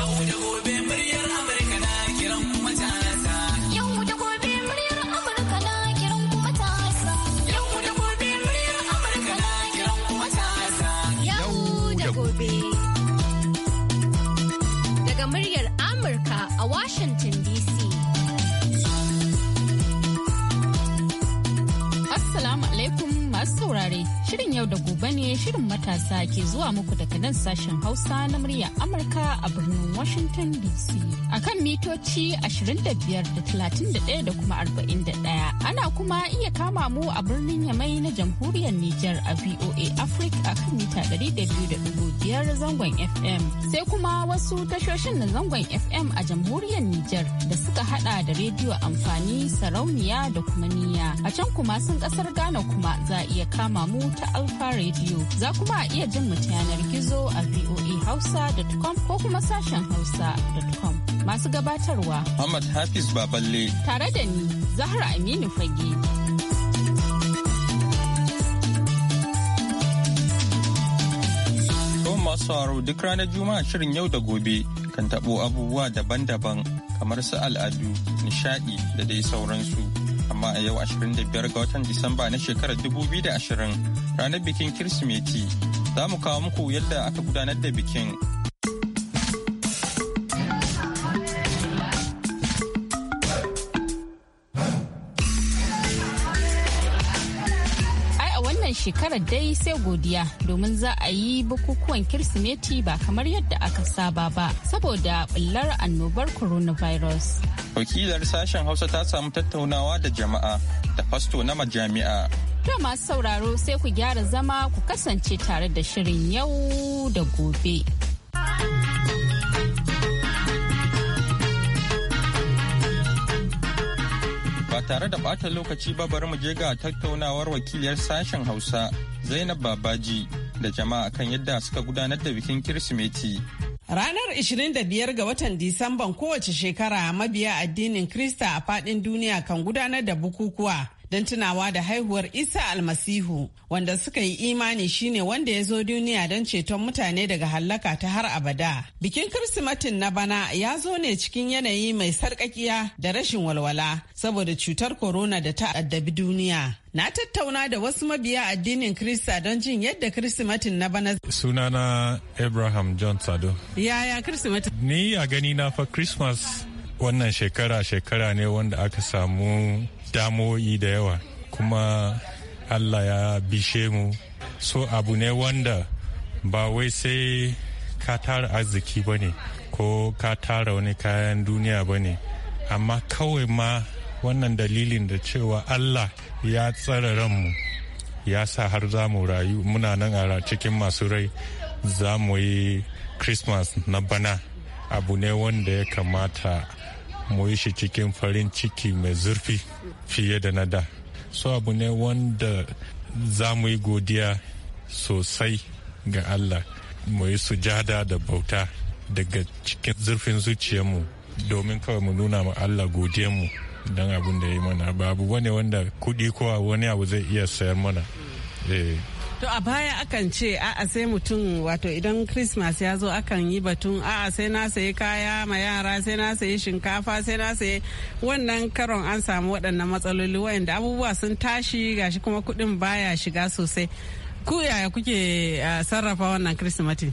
dawo da gobe ne shirin matasa ke zuwa muku daga nan sashen Hausa na murya Amurka a birnin Washington DC. A kan mitoci 25.31 da kuma 41. Ana kuma iya kama mu a birnin Yamai na jamhuriyar Nijar a VOA Africa a kan mita 200.5 zangon FM. Sai kuma wasu tashoshin na zangon FM a jamhuriyar Nijar da suka hada da rediyo amfani sarauniya da kuma niya. A can kuma sun kasar Ghana kuma za iya kama mu ta Alfa Radio. za kuma a iya jin mu ta yanar gizo a voahausa.com ko kuma sashen hausa.com masu gabatarwa Muhammad Hafiz Baballe tare da ni Zahra Aminu Fage. masu duk ranar juma'a shirin yau da gobe kan tabo abubuwa daban-daban kamar su al'adu nishadi da dai sauransu amma a yau 25 ga watan Disamba na shekarar 2020 ranar bikin Kirsimeti za mu kawo muku yadda aka gudanar da bikin shekarar dai sai godiya domin za a yi bukukuwan kirsimeti ba kamar yadda aka saba ba saboda bullar annobar coronavirus. Wakilar sashen Hausa ta samu tattaunawa da jama'a da fasto na majami'a. Da masu sauraro sai ku gyara zama ku kasance tare da shirin yau da gobe. tare da bata lokaci ba bari mu je ga tattaunawar wakiliyar sashen Hausa Zainab Babaji da jama'a kan yadda suka gudanar da bikin Kirsimeti. Ranar 25 ga watan Disamban kowace shekara mabiya addinin Krista a faɗin duniya kan gudanar da bukukuwa don tunawa da haihuwar Isa almasihu wanda suka yi imani shine wanda ya zo duniya don ceton mutane daga hallaka ta har abada. Bikin Kirsimatin na bana ya zo ne cikin yanayi mai sarkakiya da rashin walwala saboda cutar corona da ta addabi duniya. Na tattauna da wasu mabiya addinin Krista don jin yadda Kirsimatin na bana. Sunana Abraham John Sado. Yaya Kirsimatin? Ni a gani na fa Christmas wannan shekara shekara ne wanda aka samu damoyi da yawa kuma allah ya bishe mu so abu ne wanda ba wai sai ka tara arziki ba ne ko ka tara wani kayan duniya ba ne amma kawai ma wannan dalilin da cewa allah ya tsara ranmu ya sa har za mu rayu muna nan a cikin masu rai za mu yi christmas na bana abu ne wanda ya kamata mu yi shi cikin farin ciki mai zurfi fiye da na da so abu ne wanda za mu yi godiya sosai ga allah mu yi sujada da bauta daga cikin zurfin zuciyarmu domin kawai mu nuna ma allah godiyarmu don abin da ya yi mana babu wani wanda kuɗi kowa wani abu zai iya sayar mana eh. To a baya akan ce a'a sai mutum wato idan Christmas ya zo akan yi batun a'a sai na sayi kaya ma yara sai na sayi shinkafa sai na sayi wannan karon an samu waɗannan matsaloli wayanda abubuwa sun tashi gashi kuma kuɗin baya shiga sosai. Ku yaya kuke eh, sarrafa wannan Shi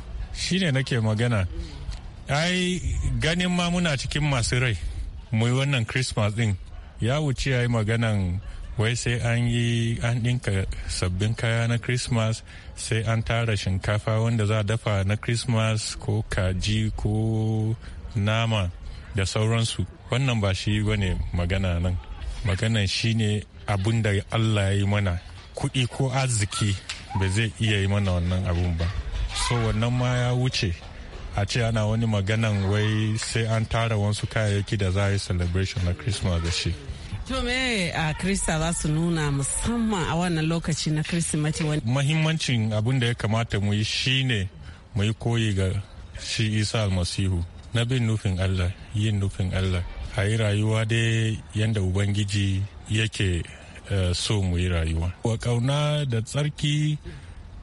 Shine nake magana. Ai ganin ma muna cikin masu rai. Mu wannan Christmas din ya wuce ya yi maganan wai sai an yi an ɗinka sabbin kaya na christmas sai an tara shinkafa wanda za a dafa na christmas ko kaji ko nama da sauransu wannan ba shi bane magana nan maganan shine abun da allah ya yi mana kuɗi ko arziki ba zai iya yi mana wannan abun ba so wannan ma ya wuce a ce ana wani maganan wai sai an tara wasu kayayyaki da za a yi celebration na christmas da shi To me a Krista za su nuna musamman a wannan lokaci na Kirsimeti wani. Mahimmancin abin da ya kamata mu yi shi ne mu yi koyi ga shi Isa almasihu na bin nufin Allah yin nufin Allah a yi rayuwa dai yadda Ubangiji yake eh, so mu yi rayuwa. Wa kauna da tsarki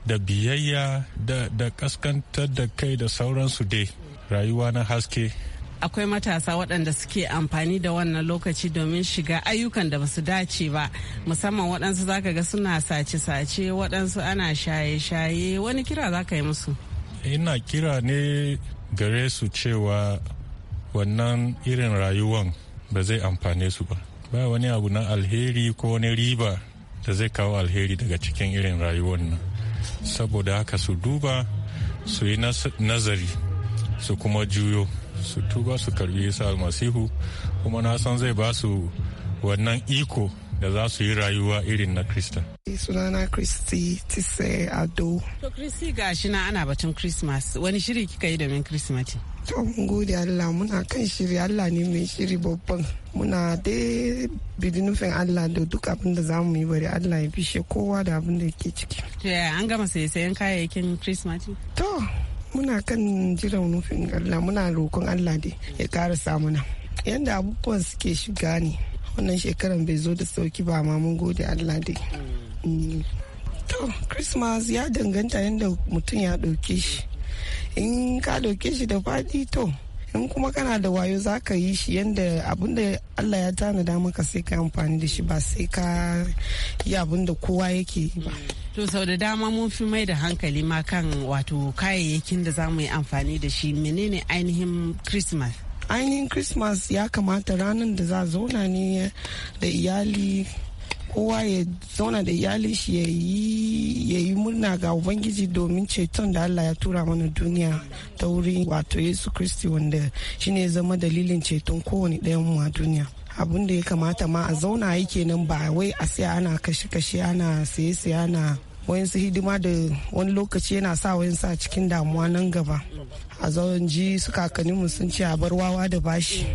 da biyayya da kaskantar da kai da sauransu dai rayuwa na haske. akwai matasa waɗanda suke amfani da wannan lokaci domin shiga ayyukan da basu dace ba musamman waɗansu zaka ga suna sace-sace waɗansu ana shaye-shaye wani kira zaka yi musu ina kira ne gare su cewa wannan irin rayuwan ba zai amfane su ba ba wani abu na alheri ko wani riba da zai kawo alheri daga cikin irin rayuwan nan saboda haka su duba su yi nazari su kuma juyo su tuba su karbi isa almasihu kuma na san zai ba su wannan iko da za su yi rayuwa irin na Krista. Sunana Kristi Tise Ado. To Kristi shi na ana batun Christmas wani shiri kika yi domin Kirsimati? To mun gode Allah muna kan shiri Allah ne mai shiri babban. Muna dai bi nufin Allah da duk abin da za mu yi bari Allah ya bishe kowa da abin da ke ciki. To an gama saye sayan kayayyakin Kirsimati? To muna kan jiran nufin allah muna rokon allah dai ya ƙarasa samuna yadda abubuwan suke shiga ne wannan shekaran bai zo da sauki ba ma mun gode allah dai mm. to christmas ya danganta yadda mutum ya ɗauke shi in ka ɗauke shi da faɗi to in kuma kana da wayo za ka yi shi yadda abinda allah ya tanada maka sai ka amfani da shi ba sai ka yi abinda kowa yake yi ba to sau da dama mun fi mai da hankali ma kan wato kayayyakin da za mu yi amfani da shi menene ainihin christmas ainihin christmas ya kamata ranar da za zauna ne da iyali kowa ya zauna da iyali shi ya yi murna ga ubangiji domin ceton da allah ya tura mana duniya ta wurin wato yesu kristi wanda shine zama dalilin ceton kowane ɗayan mu a duniya Abin da ya kamata ma a zauna yake nan ba wai a siya ana kashe-kashe ana siye-siye ana wayansu hidima da wani lokaci yana sa wayansu a cikin damuwa nan gaba a zaun ji su kakanninmu sun ce a bar wawa da bashi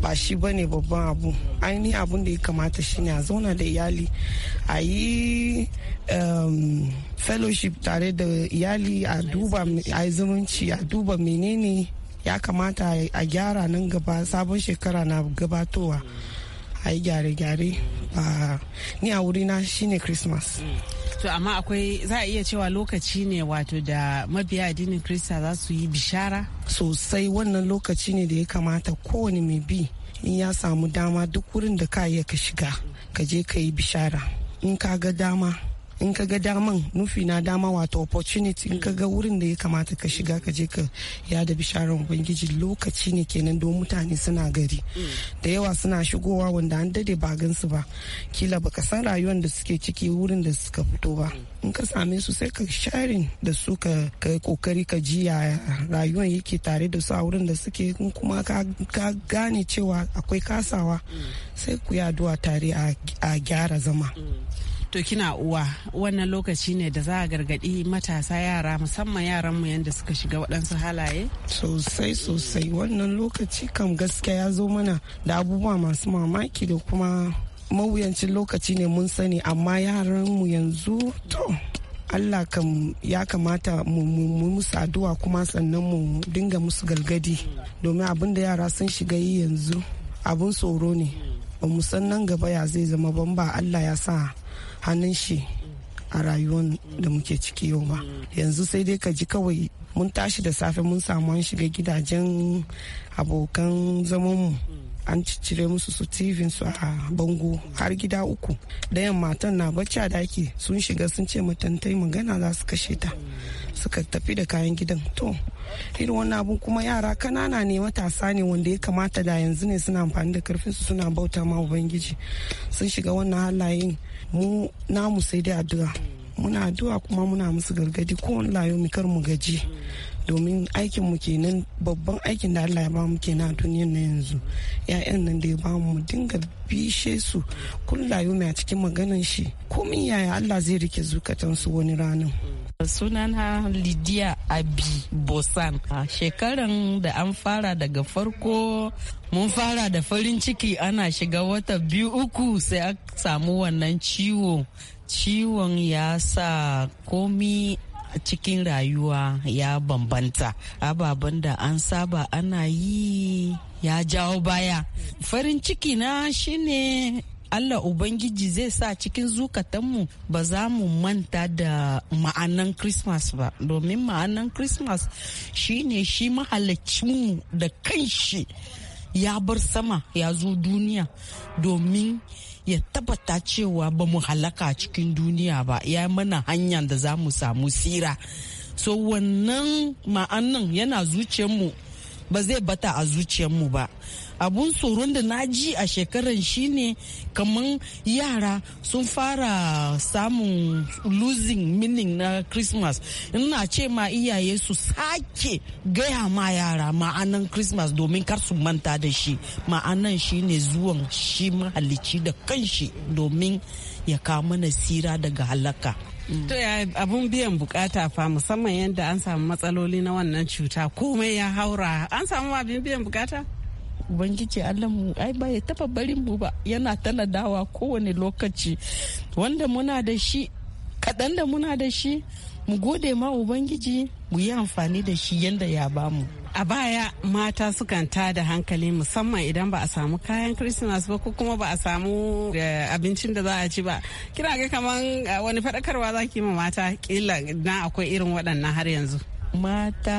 ba shi ba ne babban abu ainihin abin da ya kamata shine a zauna da iyali a yi um, fellowship tare da iyali a duba a zumunci a duba menene ya kamata a gyara nan gaba sabon shekara na gabatowa a yi gyare-gyare ni a wurina shine christmas to amma akwai za a iya cewa lokaci ne wato da mabiya addinin krista za su yi bishara sosai wannan lokaci ne da ya kamata kowane mai bi in ya samu dama duk wurin da ka iya ka shiga ka je ka yi bishara in ka ga dama in ka ga daman nufi na dama wato opportunity in ka ga wurin da ya kamata ka shiga ka je ka ya da bisharar ubangiji lokaci ne kenan don mutane suna gari da yawa suna shigowa wanda an dade ba gansu ba kila baka san rayuwar da suke ciki wurin da suka fito ba in ka same su sai ka sharing da su ka kai kokari ka ji ya rayuwar yake tare da su a wurin da suke in kuma ka gane cewa akwai kasawa sai ku yaduwa tare a gyara zama to kina uwa wannan lokaci ne da za a gargaɗi matasa yara musamman yaranmu yadda suka shiga waɗansu halaye sosai sosai wannan lokaci kam gaskiya ya zo mana da abubuwa masu mamaki da kuma mawuyancin lokaci ne mun sani amma yaranmu yanzu to Allah kam ya kamata mu musu addu'a kuma sannan mu dinga musu galgadi domin abin da yara sun shiga yi yanzu abin tsoro ne ba mu san nan gaba ya zai zama ban ba Allah ya sa hannun shi a rayuwar da muke ciki yau ba yanzu sai dai ka ji kawai mun tashi da safe mun samu an shiga gidajen abokan zamanmu an ciccire musu su tivin su a bango har gida uku dayan matan na bacci a daki sun shiga sun ce matantai magana za su kashe ta suka tafi da kayan gidan to irin wannan abu kuma yara kanana ne matasa ne wanda ya kamata da yanzu ne suna amfani da karfin su suna bauta ma ubangiji sun shiga wannan halayen mu namu sai dai addu'a muna addu'a kuma muna musu gargadi ko mu kar mu gaji domin aikin mu kenan babban aikin da Allah ya ba mu kenan a duniyar na yanzu ya'yan nan da ya ba mu dinga bishe su kullayo a cikin maganan shi komin yaya Allah zai rike zukatan su wani ranar sunana Lidiya Abi Bosan. Shekaran da an fara daga farko mun fara da farin ciki ana shiga wata biyu uku sai a samu wannan ciwo. Ciwon ya sa komi cikin rayuwa ya bambanta ababen da an saba ana yi ya jawo baya farin ciki na shine Allah Ubangiji zai sa cikin zukatanmu ba za mu manta da ma'anan Christmas ba domin ma'anan Christmas ne shi mahalaccinmu da kanshi ya bar sama ya zo duniya domin ya tabbata cewa ba mu halaka cikin duniya ba ya mana hanyar da za mu samu sira so wannan ma'anan yana zuciyarmu ba zai bata a zuciyarmu ba abun tsoron da na ji a shekaran shine kamar yara sun fara samun losing meaning na christmas ina ce ma iyaye su sake gaya ma yara ma'anan christmas domin kar su manta da shi ma'anan shine zuwan shi mahalicci da kanshi domin ya kama nasira daga halaka To ya abun biyan bukata fa musamman yadda an samu matsaloli na wannan cuta komai ya haura an samu abin biyan bukata? ubangiji mu ai ba ya taba barin mu ba yana tana dawa kowane lokaci wanda muna da shi kaɗan da muna da shi mu gode ma ubangiji mu yi amfani da shi yadda ya bamu a baya mata sukan ta da hankali musamman idan ba a samu kayan christmas ba ko kuma ba a samu eh, abincin da za a ci ba kira ga kaman eh, wani fadakarwa za ki ma mata kila na akwai irin waɗannan har yanzu mata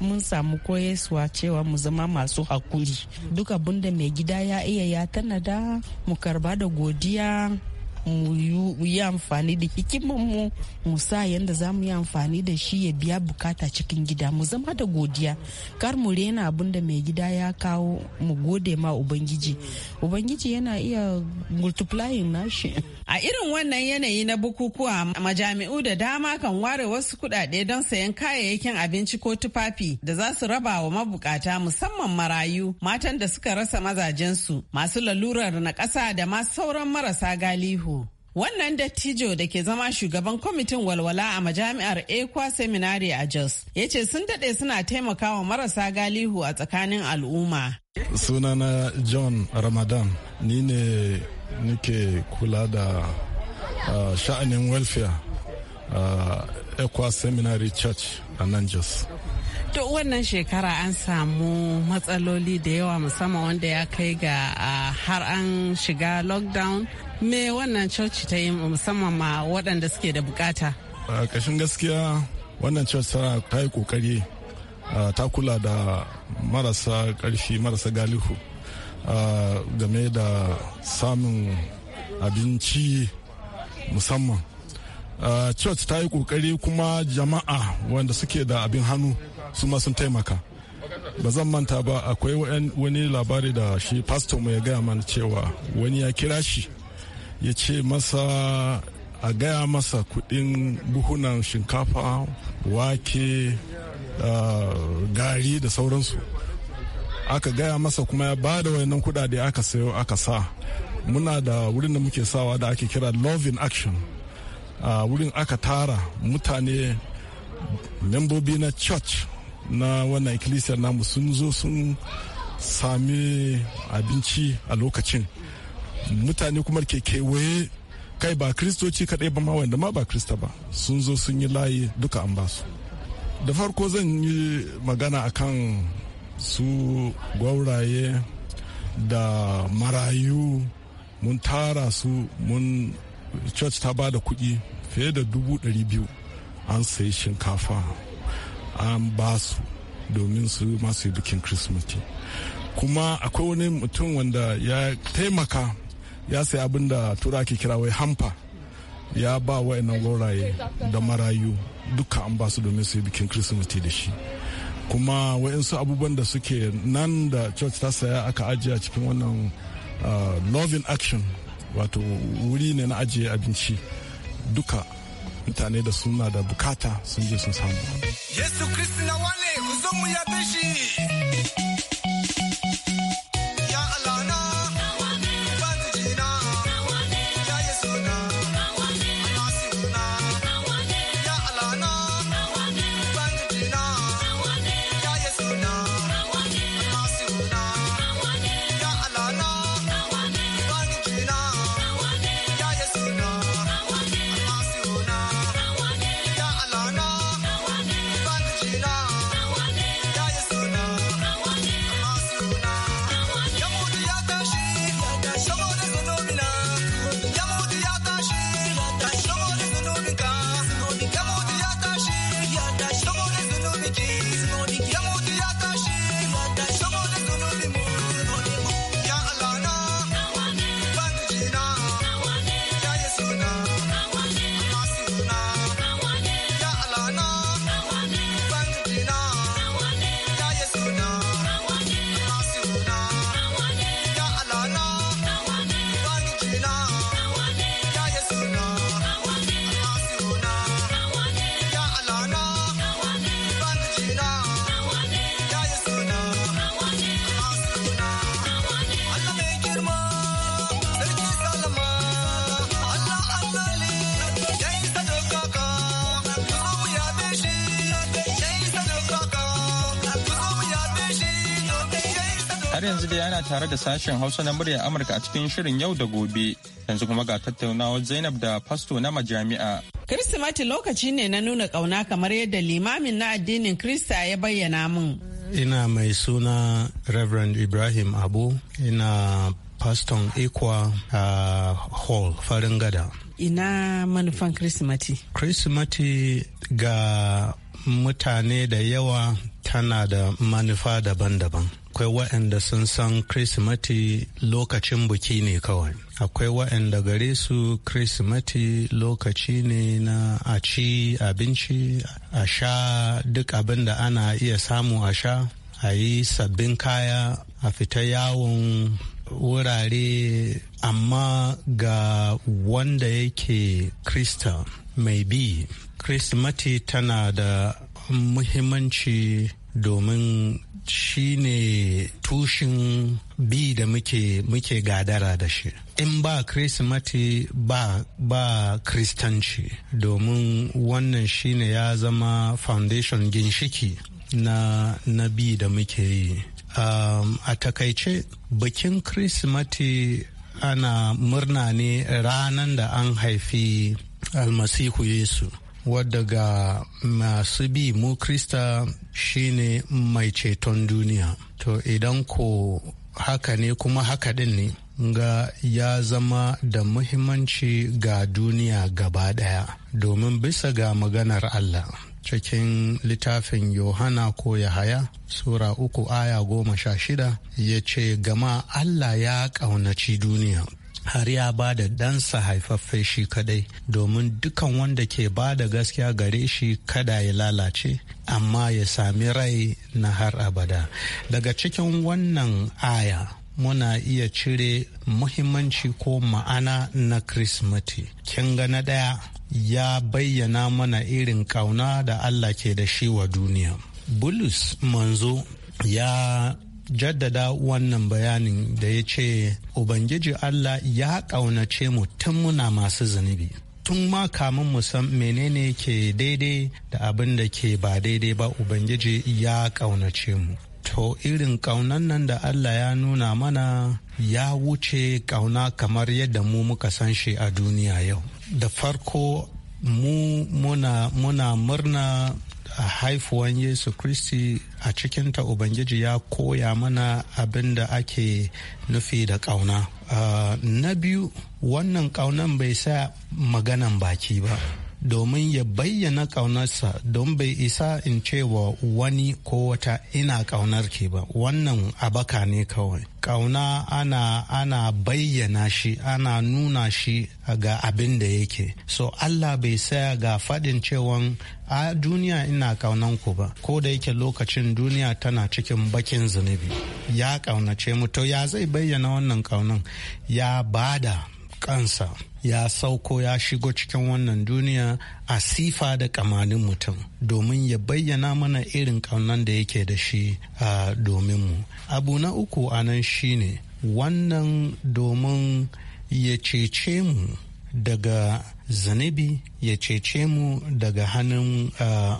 mun samu koyaswa cewa mu zama masu hakuri duk abin da mai gida ya iya ya tanada mu karba da godiya mu yi amfani da hikimanmu mu sa yadda za mu yi amfani da shi ya biya bukata cikin gida mu zama da godiya kar mu rena abin da mai gida ya kawo mu gode ma ubangiji ubangiji yana iya multiplying nashi a irin wannan yanayi na bukukuwa majami'u da dama kan ware wasu kudade don sayan kayayyakin abinci ko tufafi da za su raba wa mabukata musamman marayu matan da suka rasa mazajensu masu lalurar na ƙasa da ma sauran marasa galihu Wannan dattijo da ke zama shugaban kwamitin walwala a majami'ar Ekwa Seminary a Jos ya ce sun daɗe suna taimakawa marasa galihu a tsakanin al'umma. Sunana John Ramadan ni ne nike kula da sha'anin welfare a uh, Ekwa Seminary Church a nan Jos. duk wannan shekara an samu matsaloli da yawa musamman wanda ya kai ga har an shiga lockdown me wannan coci ta yi musamman ma waɗanda suke da bukata a ƙashin gaskiya wannan coci ta yi ƙoƙari ta kula da marasa ƙarfi marasa galihu game da samun abinci musamman coci church ta yi kokari kuma jama'a wanda suke da abin hannu su ma sun taimaka ba zan manta ba akwai wani labari da shi pastor mu ya gaya mana cewa wani ya kira shi ya ce masa a gaya masa kudin buhunan shinkafa wake ah, gari da sauransu aka gaya masa kuma ya ba da wayannan kudade aka sayo aka sa muna da wurin da muke sawa da ake kira love in action a wurin aka tara mutane membobi na church na wannan ikkilisiyar namu sun zo sun sami abinci a lokacin mutane kuma ke kewaye kai ba kristoci kaɗai ba ma wanda ma ba krista ba sun zo sun yi layi duka an ba su da farko zan yi magana akan su gwauraye da marayu mun tara su mun church ta ba da kuɗi fiye da dubu ɗari biyu an sayi shinkafa an ba su domin su masu bikin kuma akwai wani mutum wanda ya taimaka ya sayi abin da tura ke kira wai hampa ya ba wa'annan goraye da marayu duka an ba su domin su yi bikin kirsimeti da shi kuma wa'insu abubuwan da suke nan da church ta saya aka ajiye cikin wannan ah, loving action wato wuri ne na ajiye abinci duka mutane da suna da bukata sun je sun samu yesu kristi na wane ku mu ya shi tare da sashen Hausa na muryar Amurka a cikin shirin yau da gobe. Yanzu kuma ga tattaunawar Zainab da fasto na majami'a. Kirsimati lokaci ne na nuna ƙauna kamar yadda limamin na addinin Krista ya bayyana mun. Ina mai suna Reverend Ibrahim Abu, ina Paston Ikwa a Hall, farin gada. Ina manufan Kirsimati? Kirsimati ga mutane da yawa tana da manufa daban-daban. akwai waɗanda sun san kirsimati lokacin buki ne kawai akwai waɗanda gare su kirsimati lokaci ne na a ci abinci a sha duk abin da ana iya samu a sha a yi sabbin kaya a fita yawon wurare amma ga wanda yake krista mai bi kirsimati tana da muhimmanci domin Shi ne tushin bi da muke gadara da shi in ba kirsimati ba ba kristanci domin wannan shi ne ya zama foundation ginshiki na na bi da muke yi um, a takaice bikin kirsimati ana murna ne ranar da an haifi almasihu yesu wadda ga masu bi mu krista shine mai ceton duniya to idan ko haka ne kuma haka din ne ga ya zama da muhimmanci ga duniya gaba daya domin bisa ga maganar allah cikin littafin yohana ko yahaya sura uku aya goma sha shida ya ce gama allah ya ƙaunaci duniya har ya ba da ɗansa haifaffe shi kadai domin dukan wanda ke ba da gaskiya gare shi kada ya lalace amma ya sami rai na har abada daga cikin wannan aya muna iya cire muhimmanci ko ma'ana na kirismati kin ga na ɗaya ya bayyana mana irin ƙauna da allah ke da shi wa duniya bulus manzo ya jaddada wannan bayanin da ya ce ubangiji allah ya ƙaunace mu tun muna masu zunubi tun ma kamun mu san menene ke daidai da abin da ke ba daidai ba ubangiji ya ƙaunace mu to irin ƙaunan nan da allah ya nuna mana ya wuce ƙauna kamar yadda mu muka san shi a duniya yau da farko mu muna muna murna haifuwan yesu kristi a cikinta ubangiji ya koya mana abin da ake nufi da ƙauna ah, na biyu wannan ƙaunan bai sa maganan baki ba domin ya bayyana ƙaunarsa don bai isa in ce wa wani ko wata ina ƙaunar ke ba wannan abaka ne kawai ƙauna ana ana bayyana shi ana nuna shi ga abin da yake so allah bai saya ga faɗin cewan a duniya ina ƙaunan ku ba ko da yake lokacin duniya tana cikin bakin zunubi ya ƙaunace mu to ya zai bayyana wannan ƙaunan ya bada kansa ya sauko ya shigo cikin wannan duniya a sifa da kamanin mutum domin ya bayyana mana irin kaunan da yake da shi a domin mu abu na uku a nan shine wannan domin ya cece mu daga zanibi ya cece mu daga hannun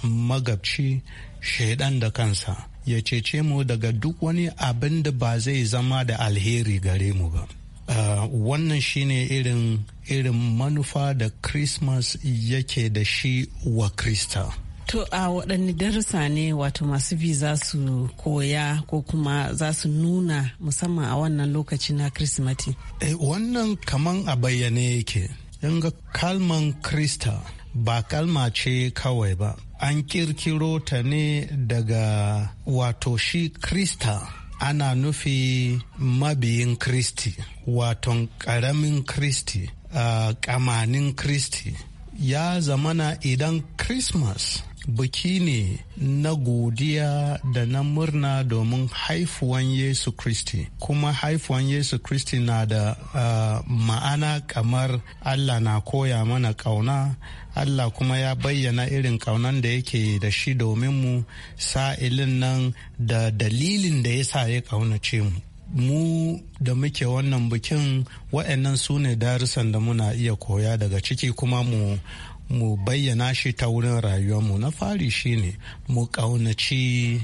magabci shaidan da kansa ya cece mu daga duk wani abin da ba zai zama da alheri gare mu ba Uh, wannan shine irin irin manufa da christmas yake da shi wa krista To a waɗanne darussa ne wato masu bi za su koya ko kuma za su nuna musamman a wannan lokaci na Kirsimati? eh wannan kaman a bayyane yake. ga kalman Krista ba kalma ce kawai ba. An kirkiro ta ne daga wato shi Krista. ana nufi mabiyin kristi waton ƙaramin kristi uh, kamanin kristi ya zamana idan christmas biki ne na godiya da na murna domin haifuwan yesu kristi kuma haifuwan yesu kristi na da uh, ma'ana kamar allah na koya mana kauna Allah kuma ya bayyana irin kaunan da yake da shi domin mu sa'ilin nan da dalilin da ya sa ya kaunace mu mu da muke wannan bikin wa'annan su ne darussan da muna iya koya daga ciki kuma mu mu bayyana shi ta wurin rayuwar mu na fari shine mu kaunaci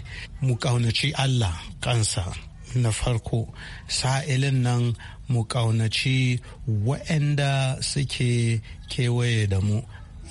Allah kansa na farko sa'ilin nan mu kaunaci wa'anda suke kewaye da mu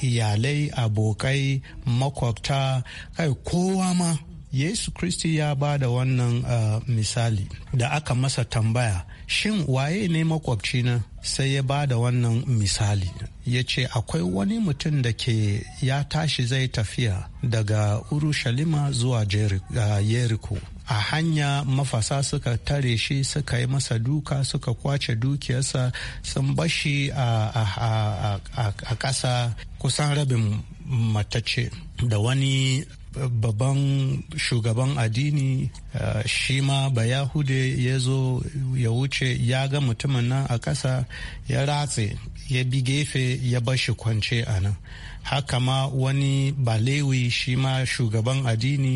iyalai abokai makwabta kai kowa ma yesu kristi ya ba da wannan uh, misali da aka masa tambaya shin waye ne makwabcina sai ya ba da wannan misali ya ce akwai wani mutum da ke ya tashi zai tafiya daga urushalima zuwa uh, yeriko a hanya mafasa suka tare shi suka yi masa duka suka kwace dukiyarsa sun bashi a ƙasa kusan rabin matace da wani babban shugaban addini eh, shi ma bayahude ya zo ya wuce ya ga mutumin nan a ƙasa ya ratse ya bi gefe ya bashi kwance a nan haka ma wani balewi shi ma shugaban addini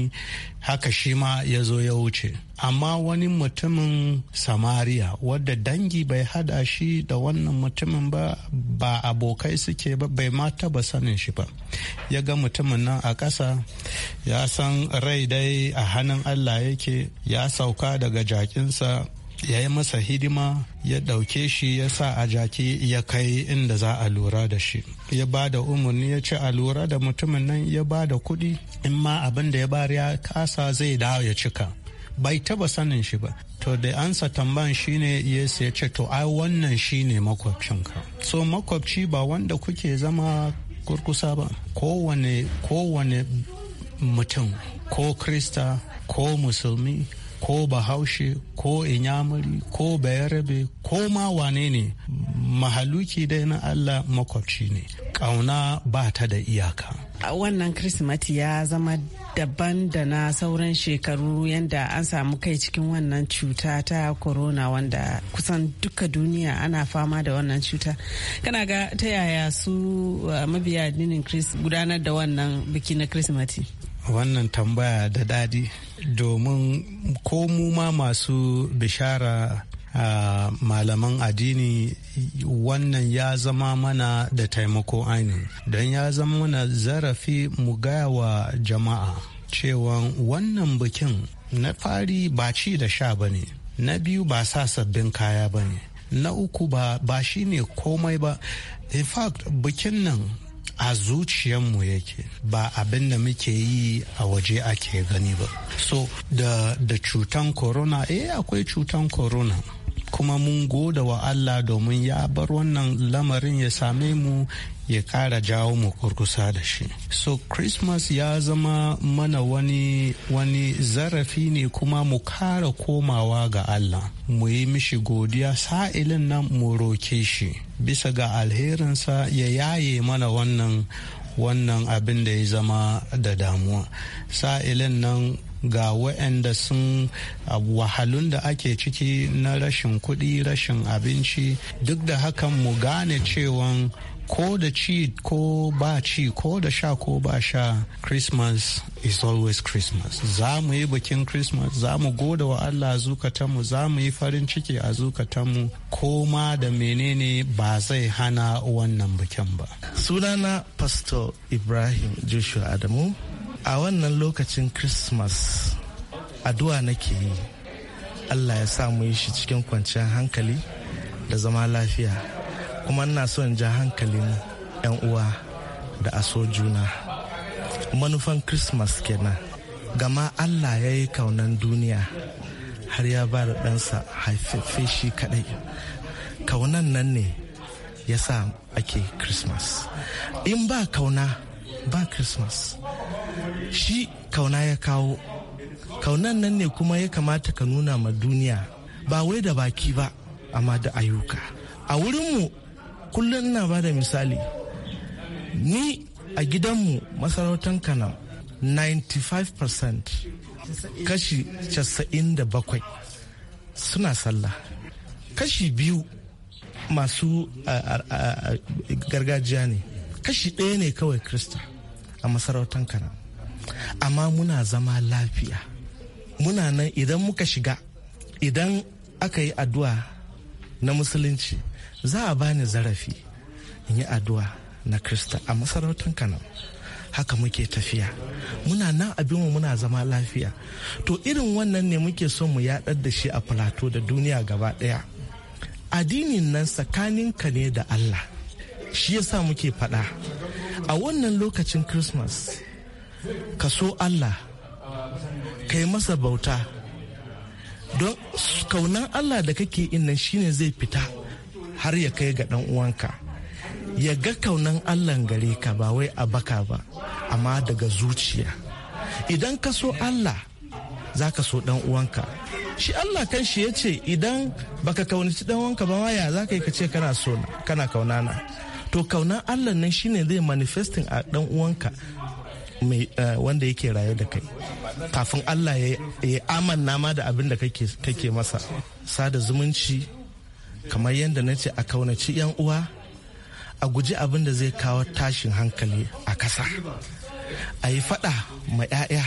haka shi ma ya zo ya wuce amma wani mutumin samariya wadda dangi bai hada shi da wannan mutumin ba ba abokai suke ba bai ma taba sanin shi ba ya ga mutumin nan a ƙasa ya san rai dai a hannun allah yake ya sauka daga jakinsa ya yi masa hidima ya ɗauke shi ya sa a jaki ya kai inda za a lura da shi ya ba da umarni ya ce a lura da mutumin nan ya ba da kuɗi in ma abin da ya bari ya kasa zai dawo ya cika bai taba sanin shi ba to da ansa tamban shine yesu ya ce to ai wannan shi ne makwabcinka so makwabci ba wanda kuke zama kurkusa ba kowane kowane mutum ko krista ko musulmi ko bahaushe ko inyamuri ko bayarabe ko ma wane ne mahaluki dai na allah makwabci ne kauna ba ta da iyaka A wannan kirsimati ya zama daban da na sauran shekaru yadda an samu kai cikin wannan cuta ta corona wanda kusan duka duniya ana fama da wannan cuta kana ga ta yaya su uh, mabiya addinin gudanar da wannan biki na kirsimati wannan tambaya da daɗi domin ko mu ma masu bishara a malaman addini wannan ya zama mana da taimako ainihin don ya zama mana zarafi mu gaya wa jama'a cewa wannan bikin na fari ba ci da sha ba ne na biyu ba sa sabbin kaya ba ne na uku ba shi ne komai ba in fact bikin nan a zuciyarmu yake ba abin da muke yi a waje ake gani ba so da, da cutan corona eh akwai cutan corona kuma mun goda wa Allah domin ya bar wannan lamarin ya same mu ya kara jawo mu kurkusa da shi so christmas ya zama mana wani wani zarafi ne kuma mu kara komawa ga Allah mu yi mishi godiya sa'ilin nan mu roke shi bisa ga alherinsa ya yaye mana wannan wannan abin da ya zama da damuwa sa'ilin nan ga waɗanda sun wahalun da ake ciki na rashin kuɗi rashin abinci duk da hakan mu gane cewan ko da ci ko ba ci ko da sha ko ba sha christmas is always christmas za mu yi bikin christmas za mu goda wa allah zukatanmu za mu yi farin ciki a zukatanmu Koma da menene ba zai hana wannan bikin ba sunana pastor ibrahim joshua adamu a wannan lokacin christmas addu'a nake yi allah ya sa yi shi cikin kwanciyar hankali da zama lafiya kuma ina son ja hankalin 'yan uwa da aso juna manufan christmas kenan gama allah ya yi kaunan duniya har ya ba da ɗansa haifafe shi kaɗai kaunan nan ne ya sa ake christmas in ba kauna ba christmas shi kauna ya kawo kaunan nan ne kuma ya kamata ka nuna ma duniya ba wai da baki ba amma da ayyuka a wurinmu kullum ina ba da misali ni a gidanmu masarautar kana 95% kashi 97 suna sallah kashi biyu masu gargajiya ne kashi ɗaya ne kawai krista a masarautar kana amma muna zama lafiya muna nan idan muka shiga idan aka yi addu'a na musulunci za a bani zarafi in yi addu'a na krista a masarautar kanan haka muke tafiya muna nan abinmu muna zama lafiya to irin wannan ne muke son mu yaɗar da shi a plateau da duniya gaba ɗaya addinin nan tsakanin ka ne da allah shi yasa muke faɗa a wannan lokacin christmas ka so allah ka yi masa bauta don kaunan allah da kake innan shine zai fita har ya kai ga dan uwanka ya ga kaunan allah gare ka ba wai a baka ba amma daga zuciya idan ka so allah za ka so dan uwanka shi Allah kan shi ya ce idan baka kaunaci dan uwanka ba waya za ka yi ka ce kana so kana kaunana to kaunan Allah nan shine zai manifesting a dan uwanka Eh, wanda yake rayu da kai kafin allah ya amanna ma da abin da kake masa sada zumunci kamar yadda na ce a kaunaci yan uwa a guji abin da zai kawo tashin hankali a kasa a yi fada ma 'ya'ya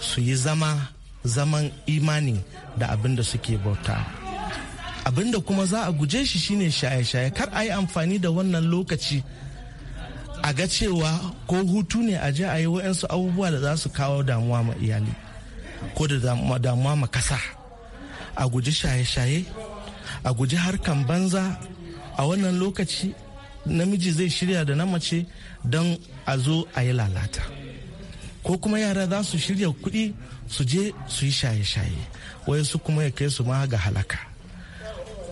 su yi zama zaman imani da abin da suke bauta abin da kuma za a guje shi shine shaye-shaye kar a yi amfani da wannan lokaci a ga cewa ko hutu ne a je a yi wa'yansu abubuwa da za su kawo damuwa ma iyali ko da damuwa ma kasa a guji shaye-shaye a guji harkan banza a wannan lokaci namiji zai shirya da na mace don a zo a yi lalata ko kuma yara za su shirya kuɗi su je su yi shaye-shaye su kuma ya kai su ma ga halaka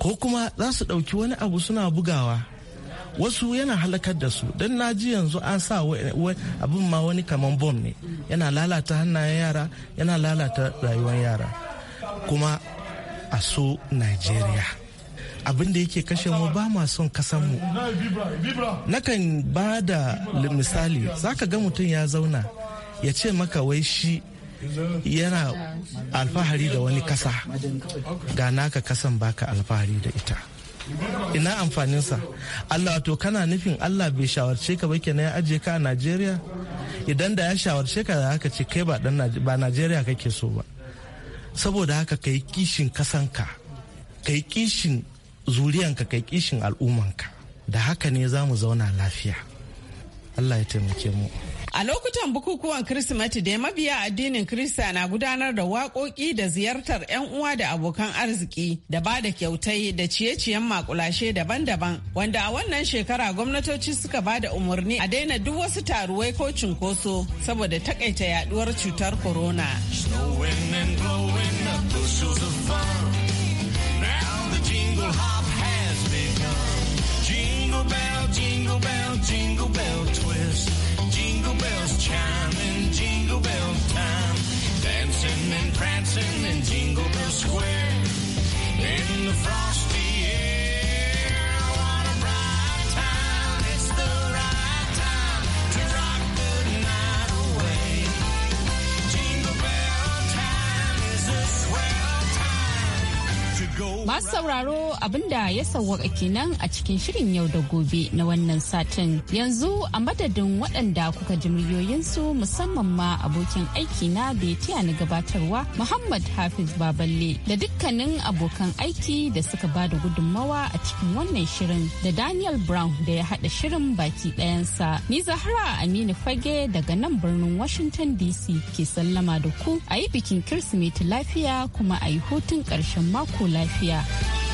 ko kuma za su ɗauki wani abu suna bugawa wasu yana halakar da su don na ji yanzu an sa abin ma wani kaman bom ne yana lalata hannayen yara yana lalata rayuwar yara kuma a so nigeria abin da yake kashe mu ba ma son kasanmu nakan ba da misali zaka ga mutum ya zauna ya ce maka wai shi yana alfahari da wani kasa ga naka kasan baka alfahari da ita ina amfaninsa Allah to kana nufin Allah bai shawarce ka ba kenan ya ajiye ka a Najeriya idan da ya shawarce ka da haka ce kai ba dan ba Najeriya kake so ba saboda haka kai kishin ka kai kishin ka kai kishin ka da haka ne za mu zauna lafiya Allah ya taimake mu A lokutan bukukuwan Kirsimeti da mabiya addinin Kirista na gudanar da waƙoƙi da ziyartar 'yan uwa da abokan arziki da ba da kyautai da ciye-ciyen makulashe daban-daban wanda a wannan shekara gwamnatoci suka ba da umarni a daina duk wasu taruwai ko cunkoso saboda takaita yaduwar cutar corona. Masu sauraro abinda ya sauwaka kenan a cikin shirin yau da gobe na wannan satin. Yanzu a madadin waɗanda kuka ji muryoyinsu musamman ma abokin aiki na da ya na gabatarwa Muhammad Hafiz Baballe da dukkanin abokan aiki da suka ba da gudunmawa a cikin wannan shirin da Daniel Brown da ya haɗa shirin baki ɗayansa. Ni Zahra Aminu Fage daga nan birnin Washington DC ke sallama da ku a yi bikin Kirsimeti lafiya kuma a yi hutun ƙarshen mako lafiya. lafiya.